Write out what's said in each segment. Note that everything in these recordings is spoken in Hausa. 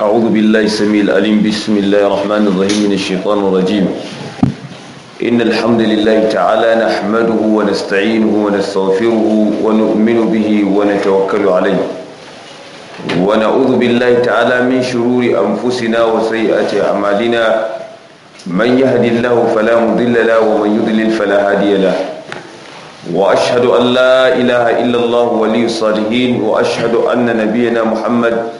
أعوذ بالله السميع العليم بسم الله الرحمن الرحيم من الشيطان الرجيم إن الحمد لله تعالى نحمده ونستعينه ونستغفره ونؤمن به ونتوكل عليه ونعوذ بالله تعالى من شرور أنفسنا وسيئات أعمالنا من يهد الله فلا مضل له ومن يضلل فلا هادي له وأشهد أن لا إله إلا الله ولي الصالحين وأشهد أن نبينا محمد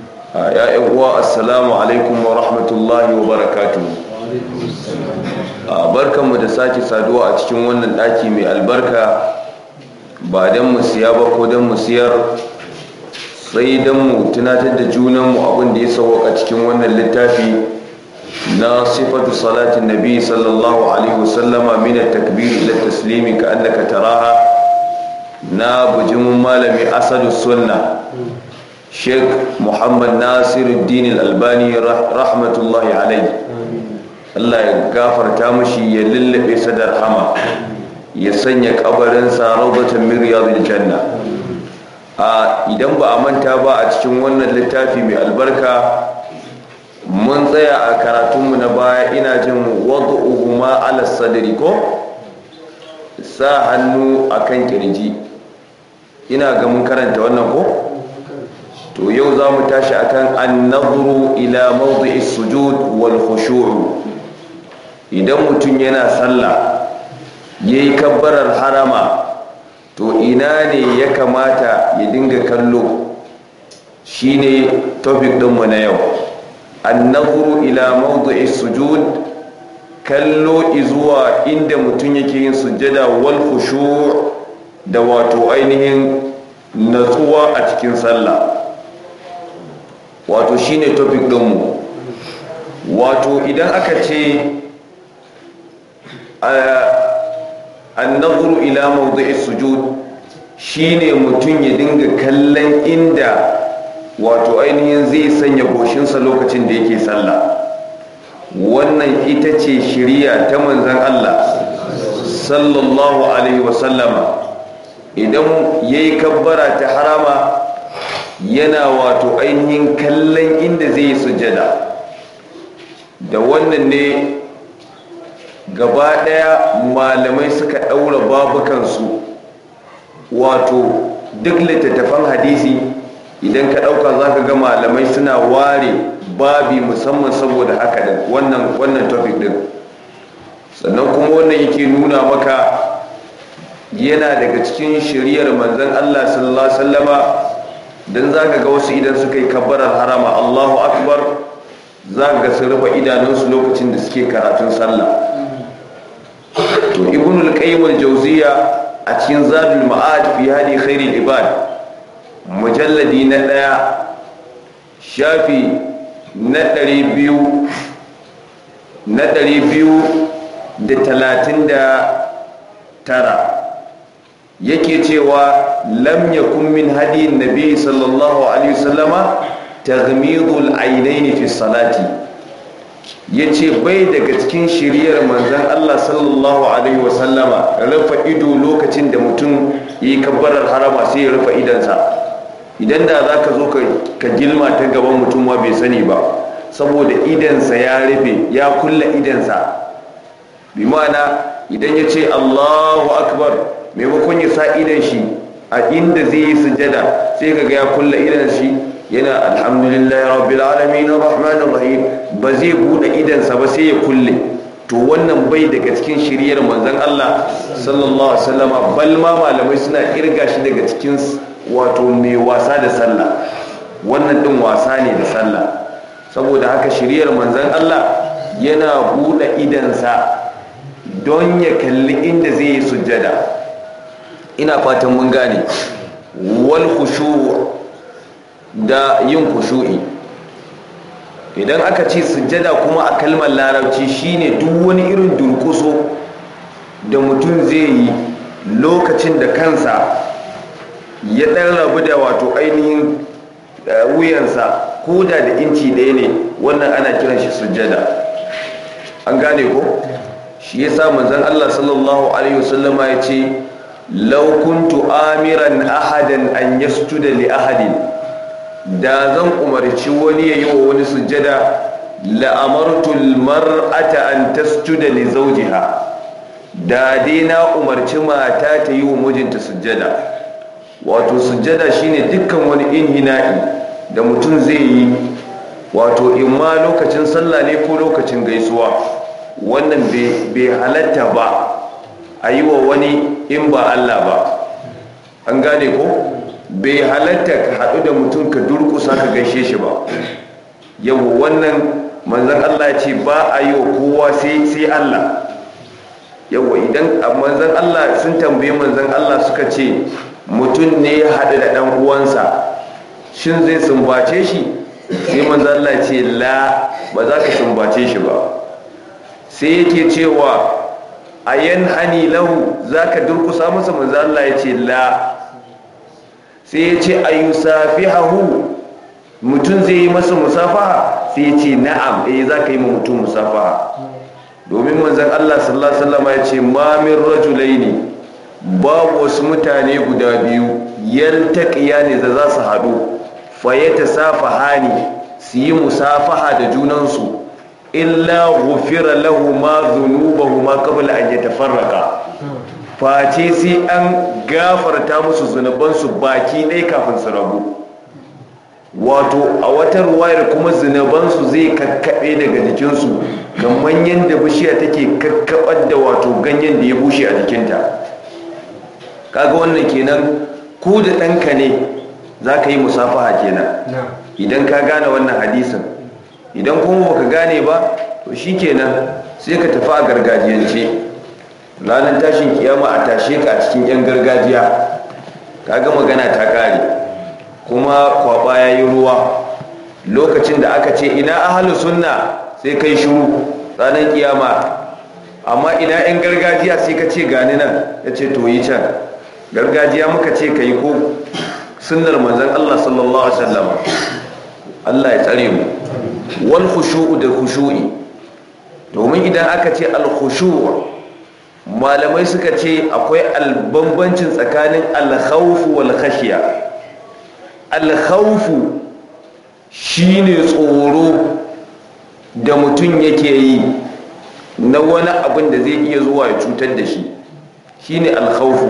ya uwa assalamu alaikum wa rahmatullahi wa barakatu barkanmu da sake saduwa a cikin wannan ɗaki mai albarka ba don mu siya ba ko don mu siyar sai don mu tunatar da junanmu abin da ya sauwaka cikin wannan littafi na sifatu salatin nabi sallallahu alaihi wasallama minar takbiri ila taslimi ka annaka taraha na bujimin malami asadu sunna Sheikh muhammad nasiruddin albani rahmatullahi alai allah ya gafarta mashi ya lullube sadar Hama, ya sanya kabarinsa raubatan da janna a idan ba a manta ba a cikin wannan littafi mai albarka mun tsaya a karatunmu na baya ina jin wadda uhuma ala sadari ko sa hannu akan kirji ina ga mun karanta wannan ko to yau za mu tashi a akan annadhuru ila mawdi'i sujud wal idan mutum yana sallah yi kabbarar harama to ina ne ya kamata ya dinga kallo shine topic din mu na yau annadhuru ila isu sujud kallo izuwa inda mutum yake yin sujada wal da wato ainihin natsuwa a cikin sallah wato shine topic ɗinmu wato idan aka ce eh, annazuru ila mawdu'is sujud shine mutum ya dinga kallon inda wato ainihin zai sanya goshinsa lokacin da yake sallah wannan ita ce shiriya ta manzan Allah sallallahu alaihi wasallama idan ya yi kabbara ta harama yana wato ainihin kallon inda zai yi sujada da wannan ne gaba daya malamai suka ɗaura babukansu wato duk littattafan hadisi idan ka ɗauka za ka ga malamai suna ware babi musamman saboda haka da wannan wannan topic ɗin sannan kuma wannan yake nuna maka yana daga cikin shiriyar manzan allah sallallahu alaihi don za ka ga wasu idan suka yi kabbarar harama allahu akbar za ka ga sun rufe idanunsu lokacin da suke karatun sallah to ibnul qayyim jawziya a cikin zadul ma'ad fi hadi khairil ibad mujalladi na daya shafi na na ɗari biyu da talatin da tara yake cewa lam ya min hadin nabi sallallahu alaihi wasallama taghmidul ainaini fi salati yace bai daga cikin shiriyar manzon Allah sallallahu alaihi wasallama rufa ido lokacin da mutum yi kabbarar harama sai ya rufa idansa idan da za ka zo ka gilma ta gaban mutum ma bai sani ba saboda idansa ya rufe ya kulla idansa bi ma'ana idan ya ce Allahu akbar maimakon ya sa idan shi a inda zai yi sujada sai ga ya kulla idan shi yana alhamdulillah rabbil alamin arrahmanir rahim ba zai bude idansa ba sai ya kulle to wannan bai daga cikin shiriyar manzon Allah sallallahu alaihi wasallam bal ma malamai suna kirga shi daga cikin wato mai wasa da sallah wannan din wasa ne da sallah saboda haka shiriyar manzon Allah yana bude idansa don ya kalli inda zai yi sujada. ina fatan mun gane wal khushu' da yin khushu'i idan aka ce sujjada kuma a kalmar larabci shine duk wani irin durkuso da mutum zai yi lokacin da kansa ya ɗan rabu da wato ainihin eh, wuyansa ko da inci ɗaya ne wannan ana kiran shi sujjada an gane ko shi ya sa zan allah sallallahu alaihi wasallama ya ce Laukuntu amiran Ahadin an yasjuda li ahadin da zan umarci wani yayi wa wani sujada la'amartu mar'ata an tasjuda li zawjiha da dai na umarci mata ta yi mijinta sujada. wato sujjada shine dukkan wani inhina'i da mutum zai yi wato imma lokacin sallah ne ko lokacin gaisuwa wannan bai halarta ba a yi wa wani in ba Allah ba an gane ko bai halatta ka haɗu da mutum ka durkusa ka gaishe shi ba yau wannan manzan Allah ya ce ba a yi wa kowa sai Allah Yau, idan manzan Allah sun tambaye manzan Allah suka ce mutum ne ya haɗu da ɗan uwansa shin zai sumbace shi sai manzan Allah ce la ba za ka sumbace shi ba sai yake cewa a yanhani lahu ka durkusa masa manzo Allah ya ce la sai ya ce ayusafihu mutum zai yi masa musafaha sai ya ce na'am eh ka yi ma mutum musafaha domin manzon Allah sallallahu alaihi wasallam ya ce ma min rajulaini babu wasu mutane guda biyu yaltaqiya ne da za su haɗu fa yatasafahani su yi musafaha da junansu illa gufira lahu ma dhunubahu ma qabla an yatafarraqa face sai an gafarta musu zunubansu baki ɗaya kafin su rabu wato a wata ruwayar kuma zunubansu zai kakkaɓe daga jikinsu kamar yadda bishiya take kakkaɓar da wato ganyen da ya bushe a jikinta kaga wannan kenan ku da ɗanka ne za ka yi musafaha kenan idan ka gane wannan hadisin idan kuma baka gane ba to shi kenan sai ka tafi a gargajiyance ranar tashin kiyama a tashe ka a cikin yan gargajiya kaga magana ta kare kuma kwaba ya yi ruwa lokacin da aka ce ina ahalu sunna sai kai shiru ranar kiyama amma ina yan gargajiya sai ka ce gani nan ya ce to yi can gargajiya muka ce ka yi ko sunnar manzan allah sallallahu alaihi wasallam allah ya tsare mu wal da Hushu'i, domin idan aka ce al malamai suka ce akwai albambancin tsakanin al Walhashiya. wal shi al shine tsoro da mutum yake yi na wani abin da zai iya zuwa ya cutar da shi shine al khawf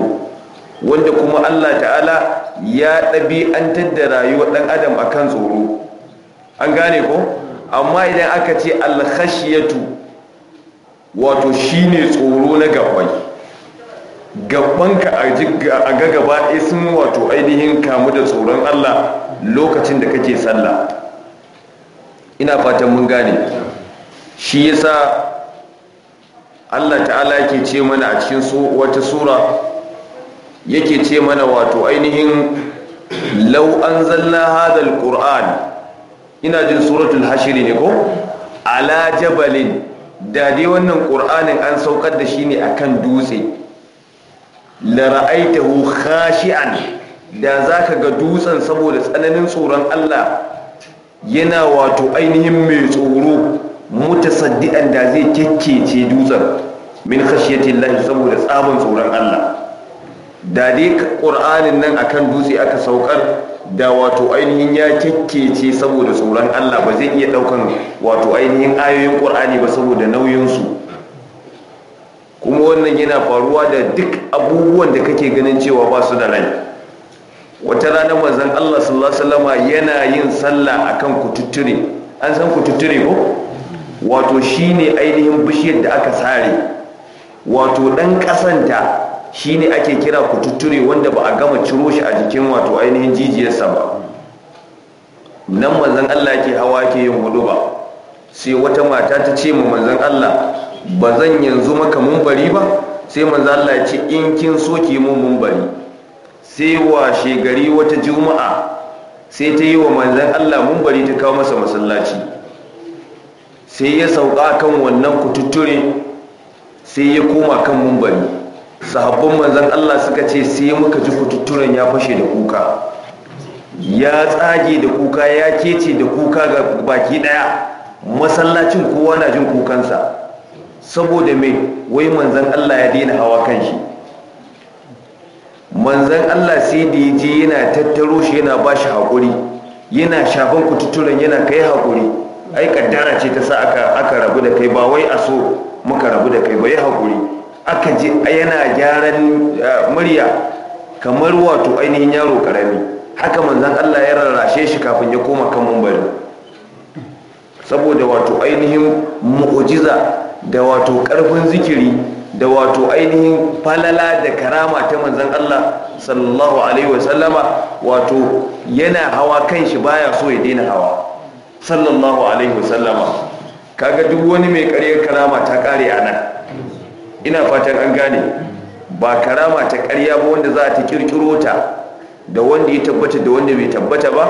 wanda kuma Allah ta'ala ya ɗabi'antar da rayuwar ɗan adam akan tsoro an gane ko amma idan aka ce alkhashiyatu wato ne tsoro na gabbai gabbanka a ga gaba sun wato ainihin kamu da tsoron Allah lokacin da kake sallah ina fatan mun gane shi yasa Allah ta'ala yake ce mana a cikin wata sura yake ce mana wato ainihin an zalla hadal alquran ina jin suratul hashiri ne ko ala jabalin da dai wannan qur'anin an saukar da shi ne akan dutse la ra'aitahu khashi'an da zaka ga dutsen saboda tsananin tsoron Allah yana wato ainihin mai tsoro mutasaddian da zai kekkece dutsen min khashiyati Allah saboda tsabon tsoron Allah da dai ƙur'anin nan akan dutse aka saukar da wato ainihin ya kyakkece saboda tsoron Allah ba zai iya ɗaukan wato ainihin ayoyin ƙur'ani ba saboda nauyinsu kuma wannan yana faruwa da duk abubuwan da kake ganin cewa ba su da rai wata rana manzon Allah sallallahu yana yin sallah akan kututture an san kututture ko wato shine ainihin bishiyar da aka sare wato dan kasanta shine ake kira kututture wanda ba a gama ciro shi a jikin wato ainihin jijiyarsa ba nan manzon Allah ke hawa ke yin hudu ba sai wata mata ta ce ma manzon Allah ba zan yanzu maka mumbari ba sai manzon Allah ce in kin so ki mun bari. sai washe gari wata juma'a sai ta yi wa manzon Allah mumbari ta kawo masa masallaci sai ya sauka kan wannan kututture sai ya koma kan mumbari sahabban manzan Allah suka ce sai muka ji kututturan ya fashe da kuka ya tsage da kuka ya kece da kuka ga baki daya masallacin kowa na jin kukansa saboda mai wai manzan Allah ya daina hawa kan shi manzan Allah sai da ya je yana tattaro shi yana ba shi haƙuri yana shafan kututturen yana kai haƙuri ai kaddara ce ta sa aka rabu da kai ba wai a so muka rabu da kai ba ya haƙuri aka ji yana gyaran eh, murya kamar wato ainihin yaro karami haka manzan Allah ya rarrashe shi kafin ya koma kan mumbari saboda wato ainihin mu'ujiza da wato karfin zikiri da wato ainihin falala da karama ta manzan Allah sallallahu alaihi wasallama wato yana hawa kan shi baya so ya daina hawa sallallahu alaihi wasallama kaga duk wani mai karyar karama ta kare a nan ina fatan an gane ba karama ta ƙarya ba wanda za ta kirkiro ta da wanda ya tabbata da wanda bai tabbata ba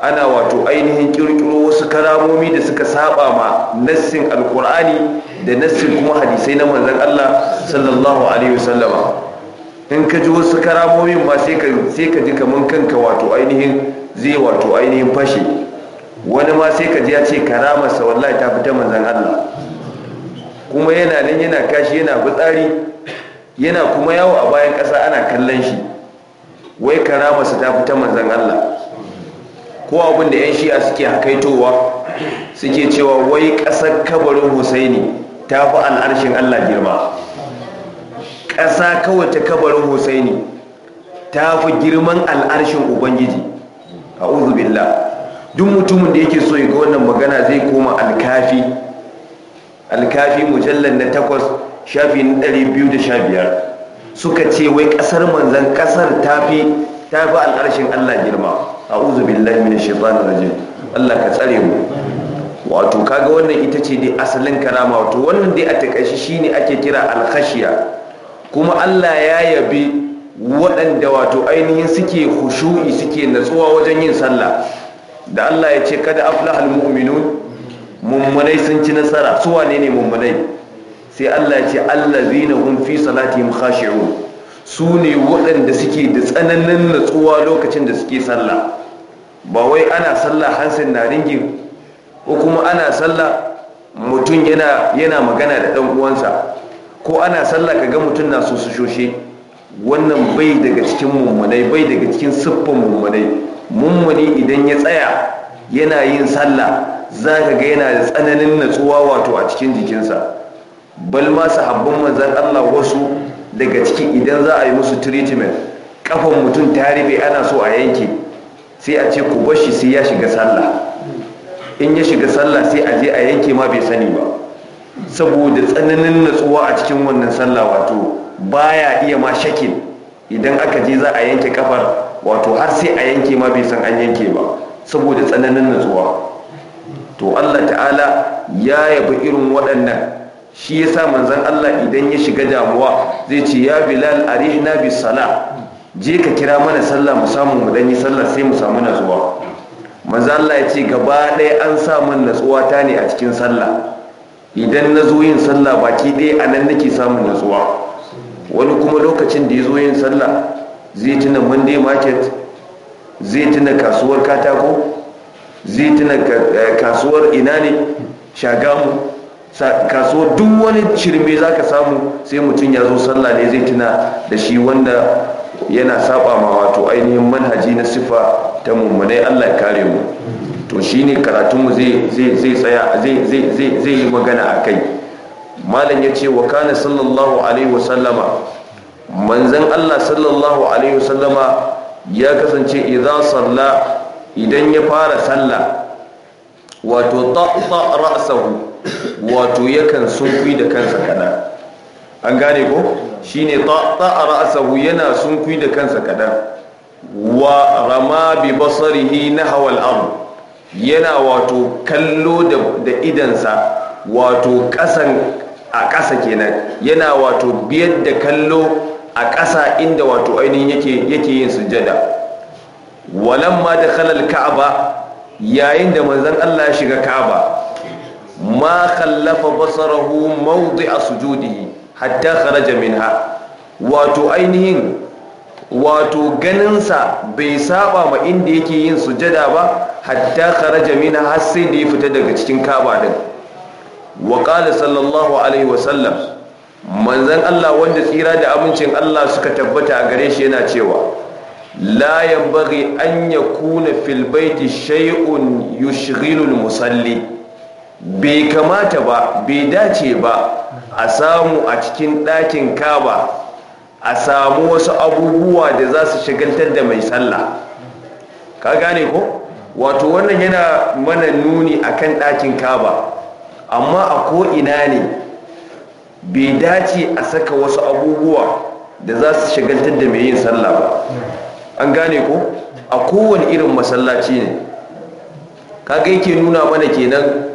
ana wato ainihin kirkiro wasu karamomi da suka saba ma nassin alkur'ani da nassin kuma hadisai na manzon Allah sallallahu alaihi wasallama in ka ji wasu karamomin ma sai ka ji kaman kanka wato ainihin zai wato ainihin fashe wani ma sai ka ji ya ce karamarsa wallahi ta fita Manzan Allah kuma yana nan yana kashi yana fitsari yana kuma yawo a bayan ƙasa ana kallon shi wai su ta fita manzan Allah ko abin da 'yan shi'a suke hakaitowa suke cewa wai ƙasar kabarin husaini ta fi al'arshin Allah girma ƙasa kawai ta kabarin husaini ta fi girman al'arshin ubangiji a uzubillah duk mutumin da yake so ya ga wannan magana zai koma alkafi alkafi mujallar na takwas shafi na ɗari biyu da sha biyar suka ce wai ƙasar manzan ƙasar tafi tafi al'arshin allah girma a uzu billahi min shaitan rajin allah ka tsare mu wato kaga wannan ita ce dai asalin karama wato wannan dai a takaice shine ake kira Alkashiya. kuma allah ya yabi waɗanda wato ainihin suke hushu'i suke natsuwa wajen yin sallah da allah ya ce kada aflahal mu'minun mummunai sun ci nasara su wane ne mummunai sai Allah ce zina hum fi salati khashi'un su ne waɗanda suke da tsananin natsuwa lokacin da suke sallah ba wai ana sallah hansin na ringin ko kuma ana sallah mutum yana magana da ɗan uwansa ko ana sallah ga mutum na so su shoshe wannan bai daga cikin mummunai bai daga cikin siffan mummunai mummuni idan ya tsaya yana yin sallah za ka ga yana da tsananin natsuwa wato a cikin jikinsa bal ma sahabban manzan Allah wasu daga ciki idan za a yi musu treatment kafan mutum ta rufe ana so a yanke sai a ce ku bar shi sai ya shiga sallah in ya shiga sallah sai a je a yanke ma bai sani ba saboda tsananin natsuwa a cikin wannan sallah wato baya iya ma shakin idan aka je za a yanke kafar wato har sai a yanke ma bai san an yanke ba saboda tsananin natsuwa to Allah ta'ala ya yabi irin waɗannan shi ya sa manzan Allah idan ya shiga damuwa zai ce ya bilal arihna bi sala je ka kira mana sallah mu samu mu dan yi sallah sai mu samu natsuwa Manzan Allah ya ce gaba ɗaya an sa min natsuwa ta ne a cikin sallah idan na zo yin sallah baki ɗaya a nan nake samun natsuwa wani kuma lokacin da ya zo yin sallah zai tuna monday market zai tuna kasuwar katako zai tuna eh, kasuwar ina ne shagamu kasuwar duk wani shirme za ka samu sai mutum ya zo sallah ne zai tuna da shi wanda yana saba ma wato ainihin manhaji na sifa ta mummunai allah kare mu to shi ne karatunmu zai tsaya zai yi magana a kai malam ya ce wa kane sallallahu alaihi wasallama manzan allah sallallahu alaihi wasallama ya kasance idan sallah idan ya fara sallah wato ta'ta ra'sahu wato yakan sunkui da kansa kadan an gane ko shine ta'ta ra'sahu yana sunkui da kansa kadan wa rama bi basarihi nahwa al-ard yana wato kallo da idansa wato kasan a ƙasa kenan yana wato biyar da kallo a ƙasa inda wato ainihin yake yin sujada walamma da al-ka'aba yayin da manzan Allah ya shiga ka'aba ma khallafa basarahu a sujudihi hatta kharaja minha wato ainihin wato ganinsa bai saba ma inda yake yin sujada ba hatta kharaja minha har sai da ya fita daga cikin ka'aba din wa sallallahu alaihi wa sallam manzon Allah wanda tsira da abincin Allah suka tabbata a gare shi yana cewa la bari an ya kuna filbaiti shay'un yushghilul musalli bai kamata ba bai dace ba a samu a cikin ɗakin kaba a samu wasu abubuwa da za su shigantar da mai sallah ka gane ko wato wannan yana mana nuni akan ɗakin kaba amma a ko'ina ne bai dace a saka wasu abubuwa da za su shigantar da mai yin sallah ba an gane ko a kowane irin masallaci ne kaga yake nuna mana kenan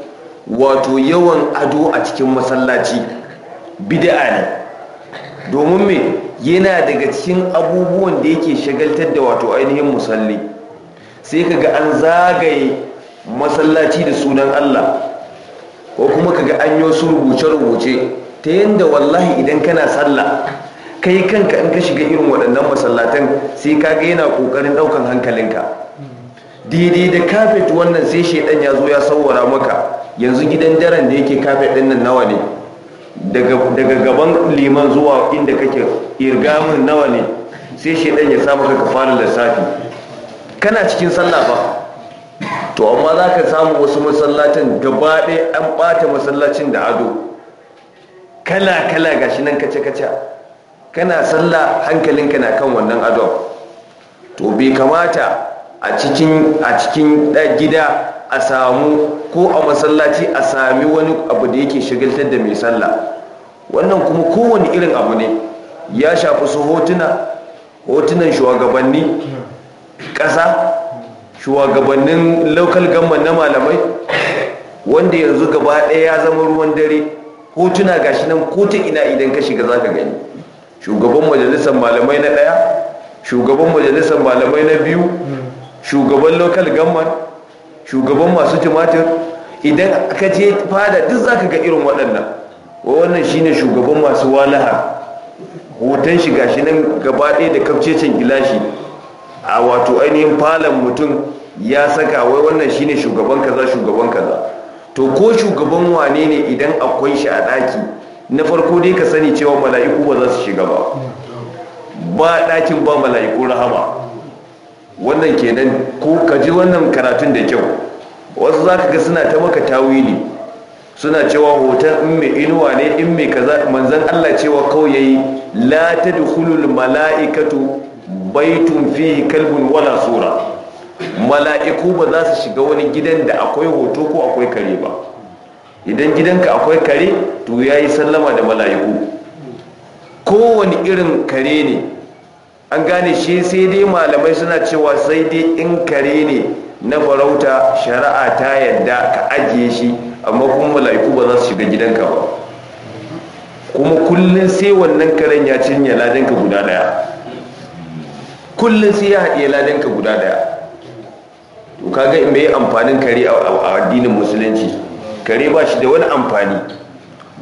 wato yawan ado a cikin masallaci bid'a ne domin me yana daga cikin abubuwan da yake shagaltar da wato ainihin musalli sai kaga an zagaye masallaci da sunan Allah ko kuma kaga an yi wasu rubuce-rubuce ta yadda wallahi idan kana sallah kai kanka in ka shiga irin waɗannan masallatan sai ka ga yana ƙoƙarin ɗaukan hankalinka daidai da kafet wannan sai shaidan ya zo ya saurara maka yanzu gidan daren da yake kafet ɗin nan nawa ne daga gaban liman zuwa inda kake irgamin nawa ne sai shaidan ya sa maka kafarar lissafi kana cikin sallah ba to amma za ka samu wasu masallatan gaba ɗaya an ɓata masallacin da ado kala kala gashi nan kace kace kana sallah hankalinka na kan wannan adon to bai kamata a cikin a cikin eh, gida a samu ko a masallaci a sami wani abu da yake shigiltar da mai sallah wannan kuma kowane irin abu ne ya shafi su hotuna hotunan shugabanni ƙasa shugabannin local government na malamai wanda yanzu gaba ɗaya ya zama ruwan dare hotuna gashi nan ko ta ina idan ka shiga za ka gani shugaban majalisar malamai na ɗaya shugaban majalisar malamai na biyu shugaban lokal government shugaban masu tumatir idan aka je fada duk zaka ga irin waɗannan wannan shine shugaban masu walaha hoton shi gashi nan gaba da kafcecin gilashi a wato ainihin falon mutum ya saka wai wannan shine shugaban kaza shugaban kaza to ko shugaban wane ne idan akwai shi a ɗaki na farko dai ka sani cewa mala'iku ba za su shiga ba ba ɗakin ba mala'iku rahama wannan kenan ko ka ji wannan karatun da kyau wasu za ka ga suna ta maka tawili suna cewa hoton in mai inuwa ne in mai kaza manzan Allah cewa kawai yayi la dukulul mala'ikatu baitun fi kalbun wala sura mala'iku ba za su shiga wani gidan da akwai hoto ko akwai kare ba idan gidanka akwai kare to ya yi sallama da mala'iku kowane irin kare ne an gane shi sai dai malamai suna cewa sai dai in kare ne na farauta shari'a ta yadda ka ajiye shi amma kuma mala'iku ba za su shiga gidanka ba kuma kullum sai wannan karen ya cinye ladinka guda daya kullum sai ya haɗe ladinka guda daya to kaga in bai amfanin kare a addinin musulunci kare ba shi da wani amfani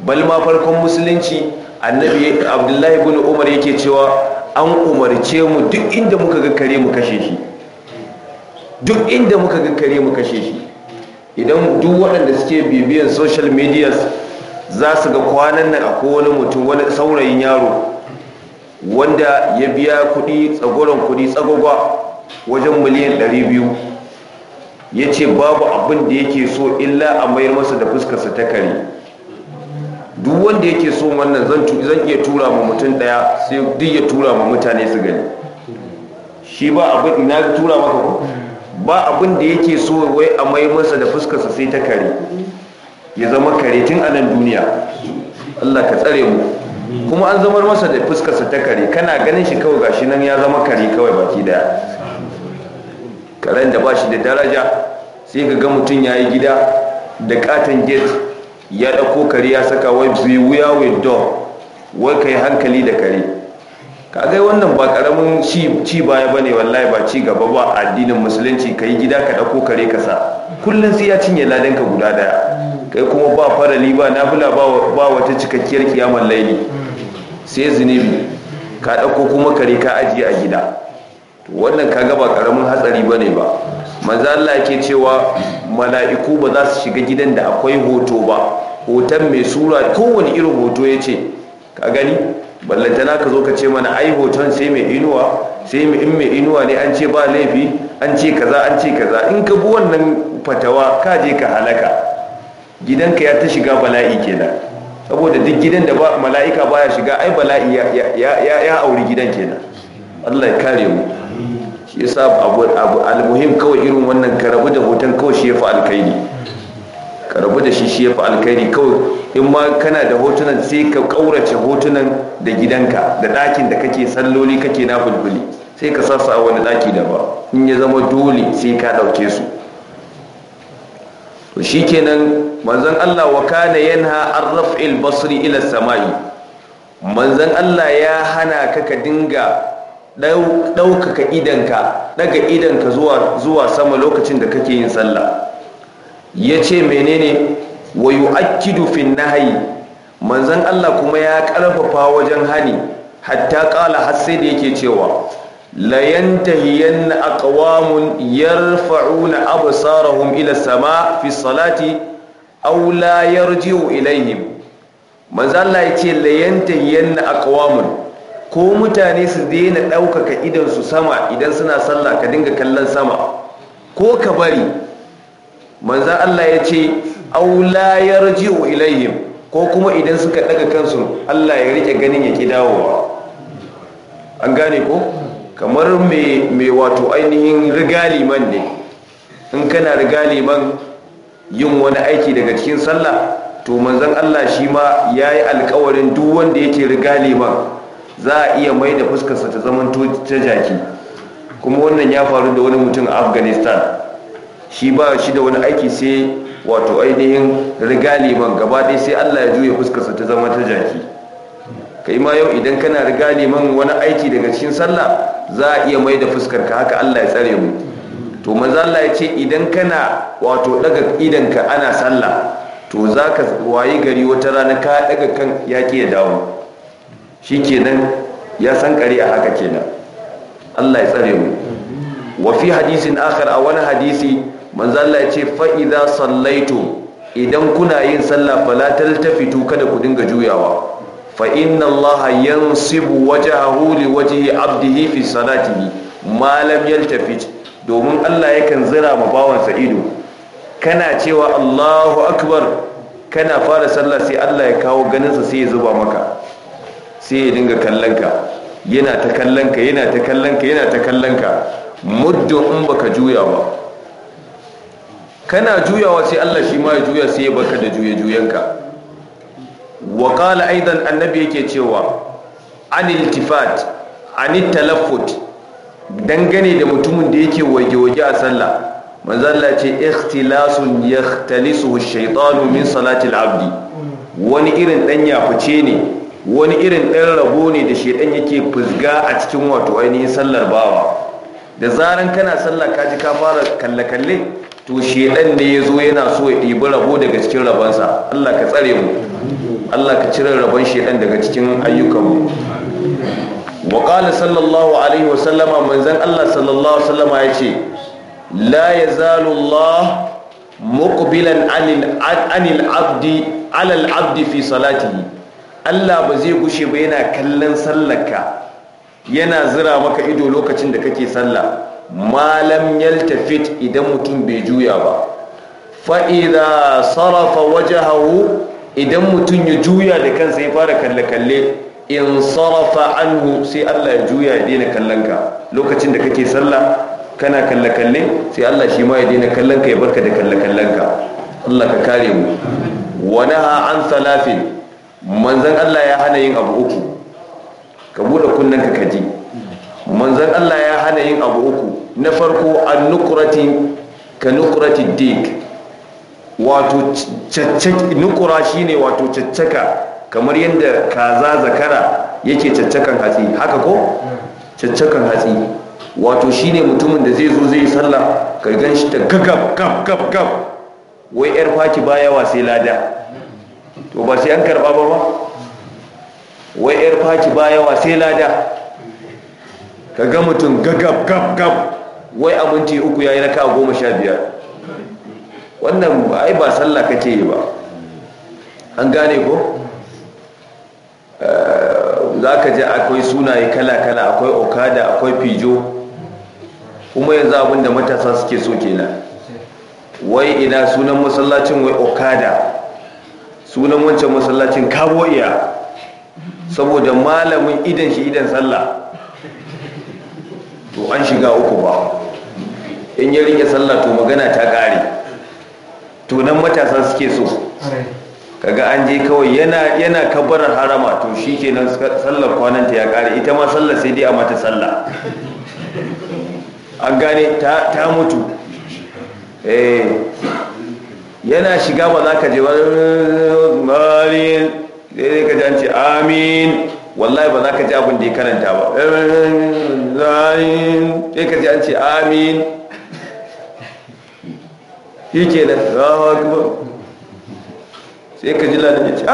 bal ma farkon musulunci annabi abdullahi ibn umar yake cewa an umarce mu duk inda muka ga kare mu kashe shi duk inda muka ga kare mu kashe shi idan duk waɗanda suke bibiyan social media za su ga kwanan nan akwai wani mutum wani saurayin yaro wanda ya biya kuɗi tsagoron kuɗi tsagogwa wajen miliyan 200 ya ce babu abin da yake so illa a mayar masa da fuskarsa ta kare duk wanda yake so wannan zan iya tura ma mutum daya sai duk ya tura ma mutane su gani shi ba abin ina tura maka ko ba abin da yake so wai a mayar masa da fuskarsa sai ta kare ya zama kare tun a nan duniya Allah ka tsare mu kuma an zamar masa da fuskarsa ta kare kana ganin shi kawai gashi nan ya zama kare kawai baki daya karen da ba shi da daraja sai ka ga mutum ya yi gida da katon gate ya ɗauko kare ya saka wai bi wuya wai door wai ka hankali da kare ka gai wannan ba karamin ci baya ba ne wallahi ba ci gaba ba addinin musulunci ka yi gida ka ɗauko kare ka sa kullum sai ya cinye ka guda daya kai kuma ba farali ba na fula ba wata cikakkiyar kiyamar laili sai zunubi ka ɗauko kuma kare ka ajiye a gida wannan kaga ba karamin hatsari ba ne ba Maza Allah yake cewa mala'iku ba za su shiga gidan da akwai hoto ba hoton mai sura kowane irin hoto ya ce, ka gani ballantana ka zo ka ce mana ai hoton sai mai inuwa sai mai in mai inuwa ne an ce ba laifi an ce kaza an ce kaza in ka bi wannan fatawa ka je ka halaka gidanka ya ta shiga bala'i kenan saboda duk gidan da mala'ika baya shiga ai bala'i ya auri gidan kenan Allah ya kare mu shi yasa abu abu almuhim kawai irin wannan karabu da hoton kawai shi yafi alkhairi karabu da shi shi yafi alkhairi kawai in ma kana da hotunan sai ka kaurace hotunan da gidanka da ɗakin da kake salloli kake na bulbuli sai ka sasa a wani ɗaki da ba in ya zama dole sai ka ɗauke su to shi kenan manzon Allah wa kana yanha ar-raf'il basri ila samai manzon Allah ya hana ka ka dinga ɗaukaka idanka ɗaga idanka zuwa zuwa sama lokacin da kake yin sallah ya ce menene wa yu'akkidu fin nahyi manzon Allah kuma ya ƙarfafa wajen hani hatta ƙala har sai da yake cewa Layan na la yantahiyanna na abu absarahum ila sama fi salati aw la yarji'u ilaihim manzon Allah ya ce layan la yantahiyanna aqwamun ko mutane su daina ɗaukaka idansu sama idan suna sallah ka dinga kallon sama ko ka bari manza Allah ya ce aula ya rajiyo ilayhim ko kuma idan suka ɗaga kansu Allah ya rike ganin ya ƙi dawowa an gane ko kamar mai wato ainihin rigaliman ne in kana rigaliman yin wani aiki daga cikin sallah to manzan Allah shi ma ya yi alkawarin duk wanda yake rigaliman za a iya mai da fuskarsa ta zaman ta jaki kuma wannan ya faru da wani mutum a afghanistan shi ba shi da wani aiki sai wato ainihin riga man gaba ɗaya sai allah ya juya fuskarsa ta zama ta jaki kai ma yau idan kana riga man wani aiki daga cikin sallah za a iya mai da ka, haka allah ya tsare mu to maza allah ya ce idan kana wato daga idanka ana sallah to za ka wayi gari wata rana ka daga kan yaƙi ya dawo shi kenan ya san kare a haka kenan Allah ya tsare mu wa fi hadisin akar a wani hadisi manzo Allah ya ce fa idza idan kuna yin sallah ta fito kada ku dinga juyawa fa’in inna Allah yansibu wajhahu waje ya abdihi fi salatihi malam lam tafi. domin Allah yakan zira ma bawansa ido kana cewa Allahu akbar kana fara sallah sai Allah ya kawo ganinsa sai ya zuba maka sai ya dinga kallon ka yana ta kallon ka yana ta kallon ka yana ta kallon ka muddin in baka juya ba kana juyawa sai Allah shi ma ya juya sai ya baka da juye juyenka wa qala aidan annabi yake cewa an iltifat an talaffut dangane da mutumin da yake wage-wage a sallah Allah ce ikhtilasun yakhtalisuhu ash-shaytanu min salati al-abdi wani irin dan yafice ne wani irin ɗan rabo ne da shaidan yake fusga a cikin wato ainihin sallar bawa da zaran kana sallah ka ji ka fara kalle-kalle to shaidan ne ya zo yana so ya ɗibi rabo daga cikin rabonsa allah ka tsare mu allah ka cire rabon shaidan daga cikin ayyukanmu waƙala sallallahu alaihi wasallama manzan allah sallallahu alaihi wasallama ya ce la ya zalullah muqbilan anil abdi abdi fi salatihi Allah ba zai gushe ba yana kallon sallarka yana zira maka ido lokacin da kake sallah malam yaltafit idan mutum bai juya ba fa'iza sarrafa hau idan mutum ya juya da kansa ya fara kalle-kalle in sarrafa anhu sai Allah ya juya ya daina kallon ka lokacin da kake sallah kana kalle-kalle sai Allah shi ma ya daina kallon ka ya barka da kalle-kallon ka Allah ka kare mu wani an salafin manzan Allah ya hana yin abu uku ka buɗe kunnen ka kaji manzan Allah ya hana yin abu uku na farko an nukurati ka nukurati dik wato nukura ne wato caccaka kamar yadda kaza zakara yake caccakan hatsi haka ko caccakan hatsi wato shi ne mutumin da zai zo zai sallah ka gan shi ta gagab gab gab gab wai yar faki baya wa sai lada to ba sai an karba ba ba wai yar faci ba yawa sai lada ka ga mutum gagab gab gab wai a minti uku na raka goma sha biyar wannan ai ba sallah kake yi ba an gane ko eh, za ka ji akwai sunaye kala-kala akwai okada akwai fijo kuma yanzu abinda matasa suke so kenan wai ina sunan masallacin wai okada sunan wancan masallacin kabo iya saboda malamin idan shi idan sallah to an shiga uku ba in ya rike sallah to magana ta kare to nan matasa suke so kaga an je kawai yana yana kabarar harama to shi ke nan sallar kwananta ya kare ita ma sallar sai dai a mata sallah an gane ta mutu eh yana shiga ba za ka je wani daidai ka janci amin wallahi ba za ka ji abin da ya karanta ba sai ka ji an ce amin shi ke nan sai ka ji lalata ce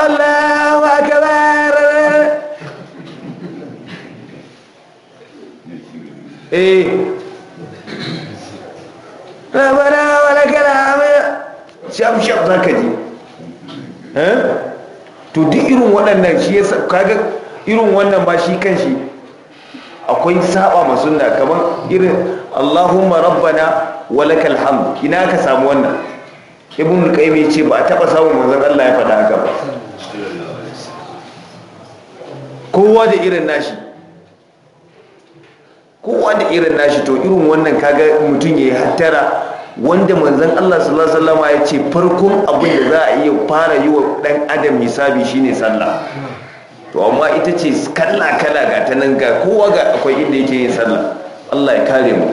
eh amin shaf shaf za ka ji eh? to duk irin waɗannan shi ya kaga irin wannan ba shi kan shi akwai saba masu na kamar irin Allahumma rabbana walakal ham, ina ka samu wannan ibn qayyim ya ce ba taba samun manzon Allah ya fada haka ba kowa da irin nashi kowa da irin nashi to irin wannan kaga mutum yayi hattara wanda manzon Allah sallallahu alaihi wasallam ya ce farkon abin da za a iya fara yi wa dan adam hisabi shine sallah to amma ita ce kalla kala ga ta nan ga kowa ga akwai inda yake yin sallah Allah ya kare mu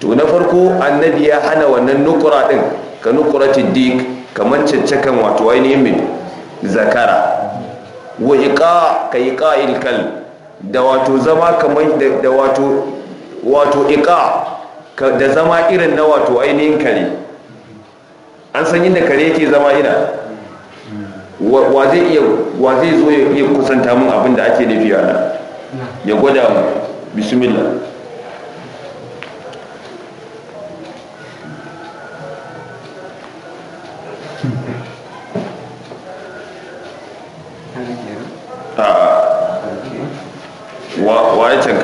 to na farko annabi ya hana wannan nukura din ka nukuratid dik kamar cancakan wato ainihin min, zakara wa iqa ka iqa'il kal da wato zama kamar da wato wato iqa da zama irin na wato ainihin kare an san da kare yake zama ina wa zai iya wa zai zo ya kusanta mun abin da ake nufi ana ya gwada mu bismillah wa ya can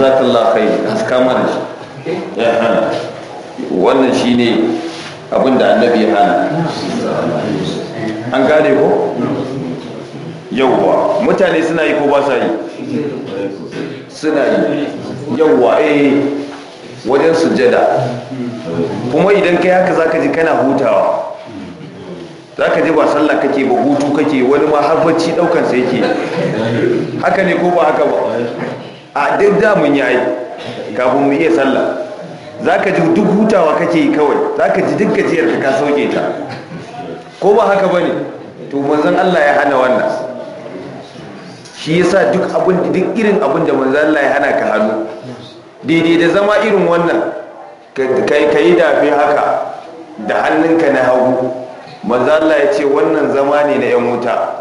jazakallah kai su kama da shi ya hana wannan abin da annabi hana an gane ko yawwa mutane suna yi ko ba sa yi suna yi yawwa eh wajen sujada kuma idan kai haka zaka ji kana hutawa zaka ji ba sallah kake ba hutu kake wani ma har bacci daukan sai yake haka ne ko ba haka ba a duk da mun yayi kafin mu iya sallah Za ka ji duk hutawa kake yi kawai ka ji duk gajiyar ka ka sauke ta ko ba haka ba ne? to manzan Allah ya hana wannan shi ya sa duk irin abin da manzan Allah ya hana ka hannu daidai da zama irin wannan Ka yi dafe haka da hannunka na hagu manzan Allah ya ce wannan zama ne na yan wuta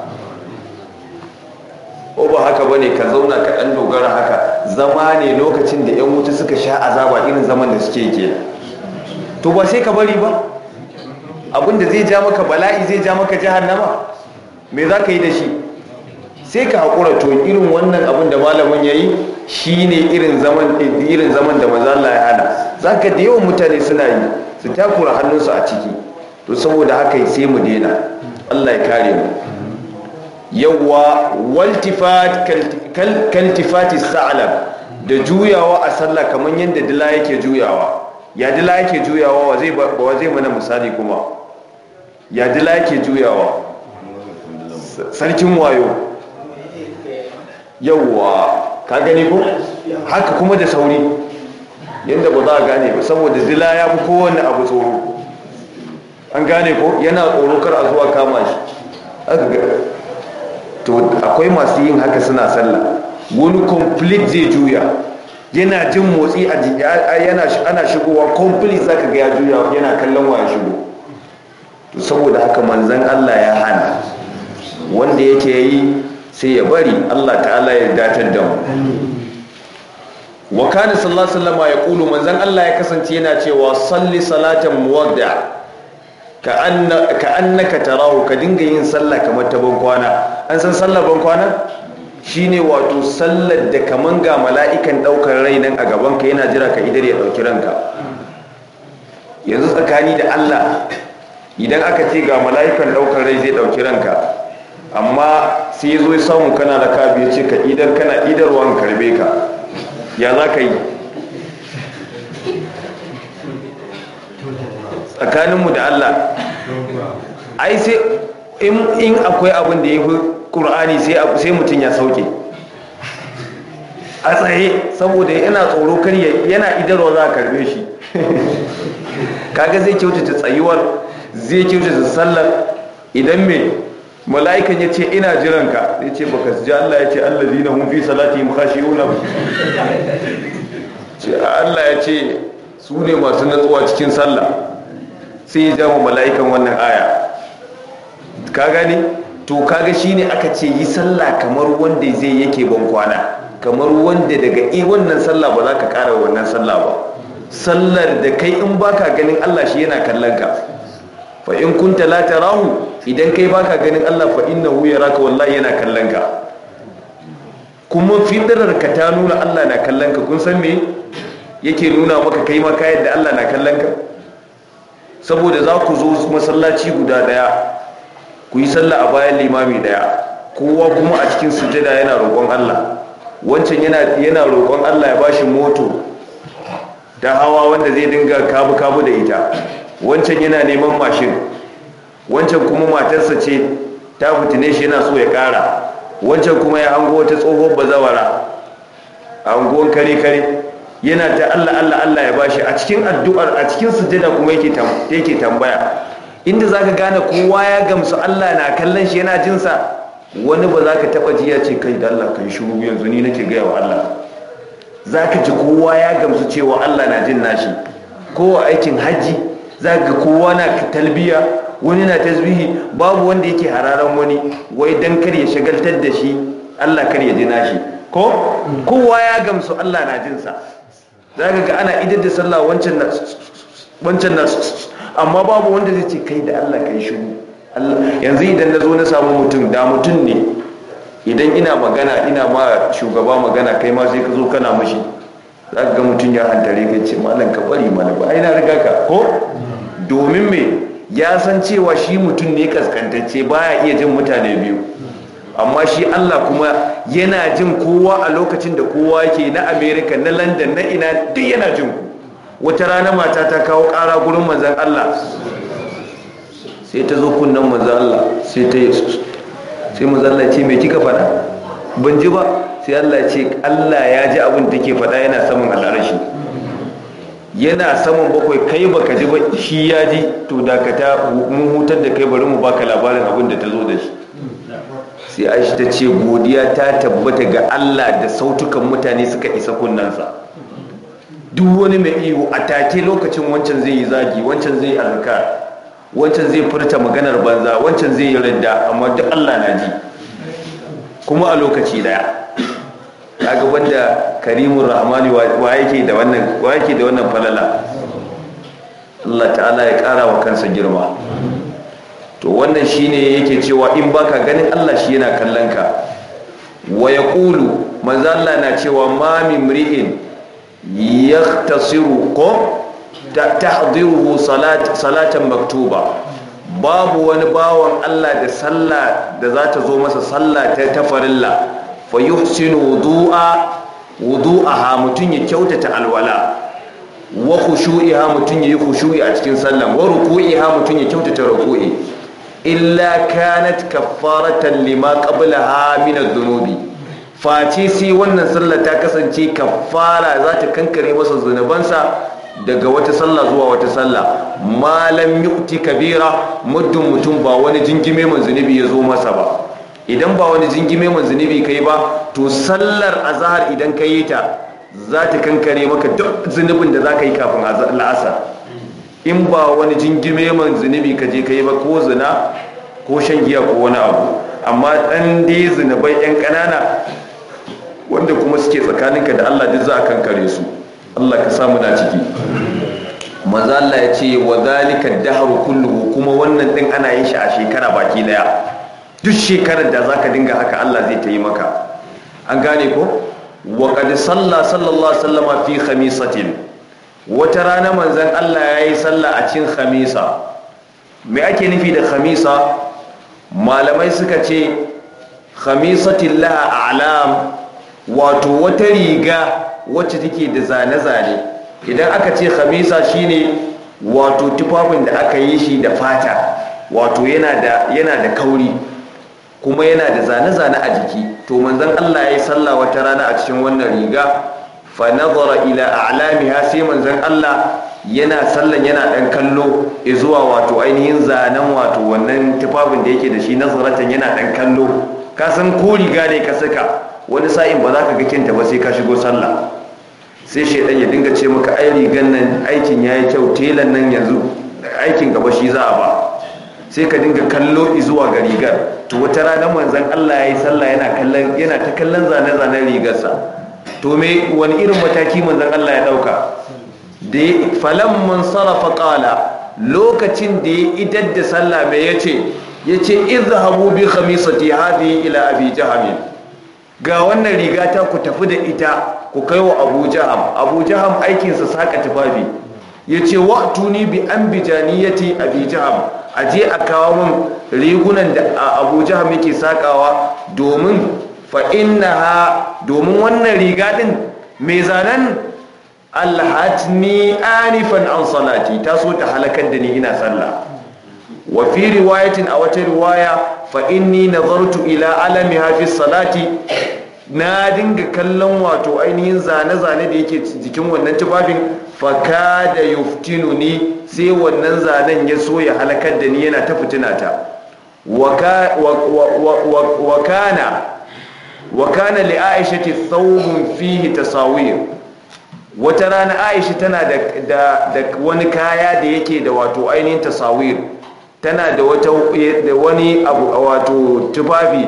ko ba haka bane ka zauna ka dan dogara haka zama ne lokacin da yan wuta suka sha azaba irin zaman da suke ke to ba sai ka bari ba abin da zai ja maka bala'i zai ja maka jahannama me za ka yi da shi sai ka haƙura to irin wannan abin da malamin ya yi shi ne irin zaman da Allah ya hana za ka da yawan mutane suna yi su takura hannunsu a ciki to saboda haka sai mu daina allah ya kare mu yawwa waltifat kaltifati sa'alab da juyawa a sallah kamar yadda dila yake juyawa ya dila yake juyawa wa zai ba zai mana misali kuma ya dila yake juyawa sarkin wayo yawwa ka gani ko haka kuma da sauri yadda ba za a gane ba saboda dila ya fi kowane abu tsoro an gane ko yana tsoro kar a zuwa kama shi to akwai masu yin haka suna sallah wani complete zai juya yana jin motsi yana ana shigowa complete zaka ga ya juya yana kallon wa ya shigo to saboda haka manzon Allah ya hana wanda yake yi sai ya bari Allah ta'ala ya datar da mu wa kana sallallahu alaihi wasallam ya kulu manzon Allah ya kasance yana cewa salli salatan muwadda ka annaka tarahu ka dinga yin sallah kamar ta bankwana an san sallar bankwana shine wato sallar da kaman ga mala'ikan daukar rai nan a gabanka yana jira ka idar ya dauki ranka yanzu tsakani da Allah idan aka ce ga mala'ikan ɗaukar rai zai ɗauki ranka amma sai zo ya samu kana da kafi ce ka idar kana idarwa karbe ka ya za ka yi tsakaninmu da Allah ai sai in akwai abin da ya fi ƙur'ani sai mutum ya sauke a tsaye saboda yana tsoro karye yana idarwa za a karbe shi kaga zai kyautata tsayuwar zai kyautata sallar idan mai mala'ikan ya ce ina jiranka zai ce baka ji Allah ya ce Allah zina hun fi salati yi ce Allah ya ce su ne masu natsuwa cikin sallah sai ya jawo mala'ikan wannan aya ka gane to kaga shine aka ce yi sallah kamar wanda zai yake ban kwana kamar wanda daga i eh, wannan sallah ba za ka kara wannan sallah ba sallar da kai in baka ganin Allah shi yana kallon ka fa in kunta la tarahu idan kai baka ganin Allah fa innahu yaraka wallahi yana kallon ka kuma fitarar ka ta nuna Allah na kallon ka kun san me yake nuna maka kai ma ka yadda Allah na kallon ka saboda za ku zo masallaci guda daya ku yi sallah a bayan limami daya kowa kuma a cikin sujada yana roƙon Allah wancan yana roƙon Allah ya ba shi moto da hawa wanda zai dinga kabu-kabu da ita wancan yana neman mashin wancan kuma matarsa ce ta fitine shi yana so ya kara wancan kuma ya hango wata tsohon bazawara a hangon kare-kare yana ta Allah Allah Allah ya bashi a cikin addu'ar a cikin sujada kuma yake yake tambaya inda zaka gane kowa ya gamsu Allah na kallon shi yana jin sa wani ba zaka taba ji ya ce kai da Allah kai shiru yanzu ni nake ga yawa Allah zaka ji kowa ya gamsu cewa Allah na jin nashi kowa aikin haji zaka kowa na talbiya wani na tasbihi babu wanda yake hararan wani wai dan kar ya shagaltar da shi Allah kar ya ji nashi ko kowa ya gamsu Allah na jinsa za ka ga ana idar da sallah wancan na wancan na amma babu wanda zai ce kai da Allah kai shiru yanzu idan na zo na samu mutum da mutum ne idan ina magana ina ma shugaba magana kai ma sai ka zo kana mashi za ka ga mutum ya hantare ka ce malam ka bari malam ba ai na riga ka ko domin me ya san cewa shi mutum ne kaskantacce baya iya jin mutane biyu amma shi Allah kuma yana jin kowa a lokacin da kowa yake na Amerika, na London na ina duk yana jin ku wata rana mata ta kawo ƙara gurin manzan Allah sai ta zo kunnan manzan Allah sai ta yi sai manzan Allah ce mai kika faɗa ban ji ba sai Allah ce Allah ya ji abin da take faɗa yana saman al'arashi yana saman bakwai kai baka ji ba shi ya ji to dakata mun hutar da kai bari mu baka labarin abin da ta zo da shi sai aisha ta ce godiya ta tabbata ga Allah da sautukan mutane suka isa kunnansa duk wani mai iyo a take lokacin wancan zai yi zagi wancan zai yi wancan zai furta maganar banza wancan zai yi radda amma duk Allah na ji kuma a lokaci daya gaban da karimun rahmani da wannan wa yake da wannan falala Allah ta'ala ya kara wa kansa girma to wannan shine yake cewa in baka ganin Allah shi yana kallon ka wa ya ƙulu mazalla na cewa ma min ya tasiru ko ta salat salatan maktuba babu wani bawan Allah da sallah da za ta zo masa sallah ta tafarilla fa yuhsinu wudu'a ha mutum ya kyautata alwala wa ha mutum ya yayi kushu'i a cikin sallah wa ha mutum ya kyautata ruku'i illa kanat kaffaratan lima qablaha min adh-dhunubi face sai wannan sallah ta kasance kafara za ta kankare masa zunubansa daga wata sallah zuwa wata sallah malam yu'ti kabira muddin mutum ba wani jingime mai zunubi ya zo masa ba idan ba wani jingime mai zunubi kai ba to sallar azhar idan ka yi ta za ta kankare maka duk zunubin da za ka yi kafin la'asar in ba wani jingime man zunubi ka je ka yi ba ko zina ko shan giya ko wani abu amma ɗan yi zunubai 'yan ƙanana wanda kuma suke tsakaninka da Allah duk za a kankare su Allah ka samu na ciki maza Allah ya ce wa zalika dahru kulluhu kuma wannan din ana yin shi a shekara baki daya duk shekarar da zaka dinga haka Allah zai ta yi maka an gane ko wa qad salla sallallahu alaihi wasallama fi khamisatin wata rana manzan Allah ya yi sallah a cin khamisa me ake nufi da khamisa malamai suka ce khamisatin a alam wato wata riga wacce take da zane-zane idan aka ce khamisa shine wato tufafin da aka yi shi da fata wato yana da kauri kuma yana da zane-zane a jiki to manzan Allah ya yi sallah wata rana a cikin wannan riga fa nazara ila a'lamiha sai manzon Allah yana sallan yana dan kallo zuwa wato ainihin zanen wato wannan tufafin da yake da shi nazaratan yana dan kallo ka san ko riga ne ka saka wani sa'in ba za ka ga kinta ba sai ka shigo sallah sai shaidan ya dinga ce maka ai rigan nan aikin yayi kyau telan nan yanzu aikin gaba shi za a ba sai ka dinga kallo zuwa ga rigar to wata ranar manzon Allah yayi sallah yana kallon yana ta kallon zane-zanen rigarsa to me wani irin mataki manzon Allah ya dauka da falan mun sarafa qala lokacin da ya idar da sallah mai yace yace izhabu bi khamisati hadi ila abi ga wannan riga ta ku tafi da ita ku kai wa abu jaham abu jaham aikin sa saka tufafi yace wa'tuni bi anbijaniyati abi a aje a kawo min rigunan da abu jaham yake sakawa domin fa ha, domin wannan riga din mai zanen alhatni anifan an salati ta so ta halakar da ni ina sallah Wafi fi riwayatin a wata riwaya fa'inni na zartu ila alami hafi salati na dinga kallon wato ainihin zane-zane da yake jikin wannan tufafin faka da yuftinu ni sai wannan zanen ya so ya halakar da ni yana ta fitina ta wakana wa kana li aishati thawbun fihi tasawir wata rana aisha tana da wani kaya da yake da wato ainihin tasawir tana da wata da wani abu wato tufafi